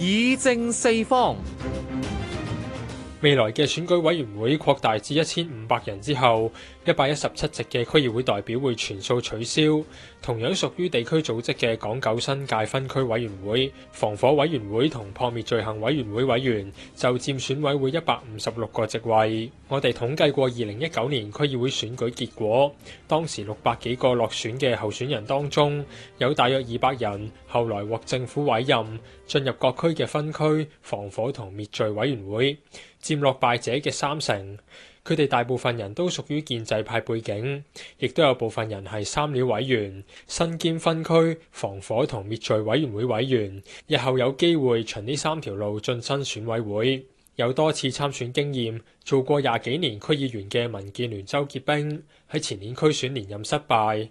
議政四方。未來嘅選舉委員會擴大至一千五百人之後，一百一十七席嘅區議會代表會全數取消。同樣屬於地區組織嘅港九新界分區委員會、防火委員會同撲滅罪行委員會委員，就佔選委會一百五十六個席位。我哋統計過二零一九年區議會選舉結果，當時六百幾個落選嘅候選人當中，有大約二百人後來獲政府委任，進入各區嘅分區防火同滅罪委員會。佔落敗者嘅三成，佢哋大部分人都屬於建制派背景，亦都有部分人係三料委員、身兼分區防火同滅罪委員會委員，日後有機會循呢三條路進身選委會。有多次參選經驗、做過廿幾年區議員嘅民建聯周潔冰，喺前年區選連任失敗，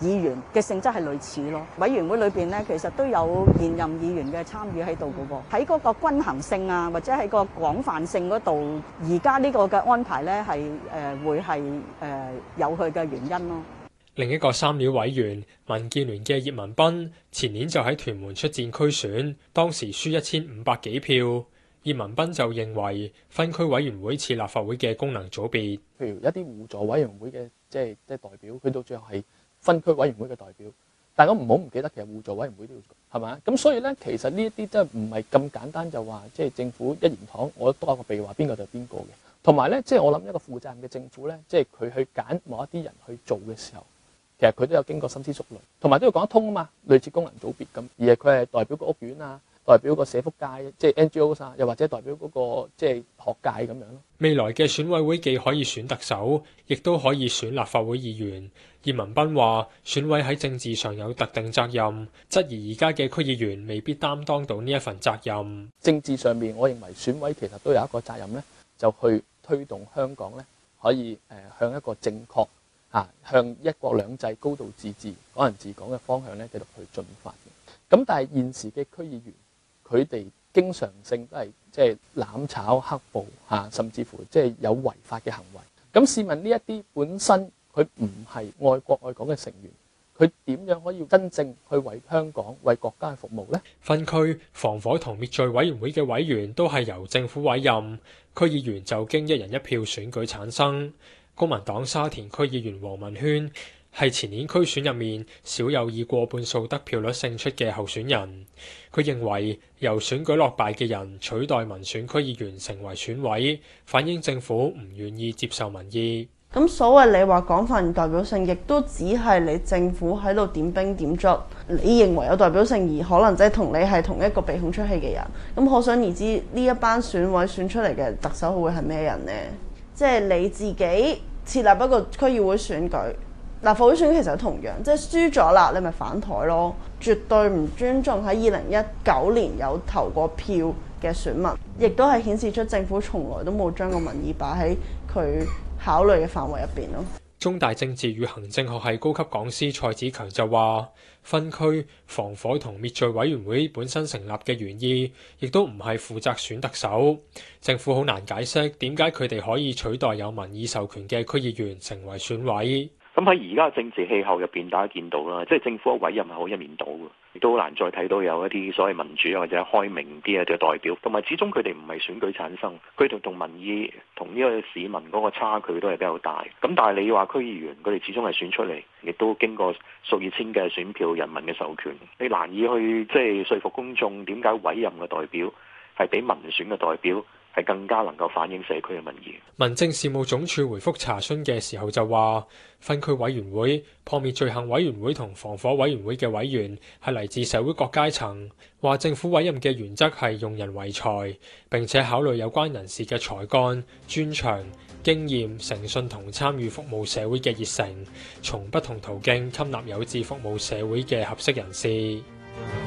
議員嘅性質係類似咯，委員會裏邊咧其實都有現任議員嘅參與喺度嘅，喺嗰個均衡性啊，或者喺個廣泛性嗰度，而家呢個嘅安排咧係誒會係誒、呃、有佢嘅原因咯。另一個三料委員民建聯嘅葉文斌，前年就喺屯門出戰區選，當時輸一千五百幾票。葉文斌就認為分區委員會似立法會嘅功能組別，譬如一啲互助委員會嘅即係即係代表，去到最後係，分區委員會嘅代表，但係我唔好唔記得，其實互助委員會都要做，係嘛？咁所以咧，其實呢一啲真係唔係咁簡單，就話即係政府一言堂，我都有一個譬如話，邊個就係邊個嘅。同埋咧，即係我諗一個負責任嘅政府咧，即係佢去揀某一啲人去做嘅時候，其實佢都有經過深思熟慮，同埋都要講得通啊嘛，類似功能組別咁，而係佢係代表個屋苑啊。代表個社福界，即係 NGO 啊，又或者代表嗰個即係學界咁樣咯。未來嘅選委會既可以選特首，亦都可以選立法會議員。葉文斌話：選委喺政治上有特定責任，質疑而家嘅區議員未必擔當到呢一份責任。政治上面，我認為選委其實都有一個責任咧，就去推動香港咧可以誒向一個正確嚇向一國兩制、高度自治、港人治港嘅方向咧繼續去進發嘅。咁但係現時嘅區議員。佢哋經常性都係即係攬炒黑暴吓，甚至乎即係有違法嘅行為。咁市民呢一啲本身佢唔係愛國愛港嘅成員，佢點樣可以真正去為香港、為國家服務呢？分區防火同滅罪委員會嘅委員都係由政府委任，區議員就經一人一票選舉產生。公民黨沙田區議員黃文軒。係前年區選入面，少有以過半數得票率勝出嘅候選人。佢認為由選舉落敗嘅人取代民選區議員成為選委，反映政府唔願意接受民意。咁所謂你話廣泛代表性，亦都只係你政府喺度點兵點卒。你認為有代表性，而可能即係同你係同一個被控出氣嘅人。咁可想而知，呢一班選委選出嚟嘅特首會係咩人呢？即係你自己設立一個區議會選舉。嗱，法選其實同樣，即係輸咗啦，你咪反台咯，絕對唔尊重喺二零一九年有投過票嘅選民，亦都係顯示出政府從來都冇將個民意擺喺佢考慮嘅範圍入邊咯。中大政治與行政學系高級講師蔡子強就話，分區防火同滅罪委員會本身成立嘅原意，亦都唔係負責選特首，政府好難解釋點解佢哋可以取代有民意授權嘅區議員成為選委。咁喺而家政治氣候入邊，大家見到啦，即係政府嘅委任係好一面倒嘅，亦都難再睇到有一啲所謂民主或者開明啲嘅代表。同埋始終佢哋唔係選舉產生，佢哋同民意同呢個市民嗰個差距都係比較大。咁但係你話區議員佢哋始終係選出嚟，亦都經過數以千嘅選票人民嘅授權，你難以去即係説服公眾點解委任嘅代表係比民選嘅代表係更加能夠反映社區嘅民意。民政事務總署回覆查詢嘅時候就話，分區委員會、撲滅罪行委員會同防火委員會嘅委員係嚟自社會各階層，話政府委任嘅原則係用人為才，並且考慮有關人士嘅才幹、專長、經驗、誠信同參與服務社會嘅熱誠，從不同途徑吸納有志服務社會嘅合適人士。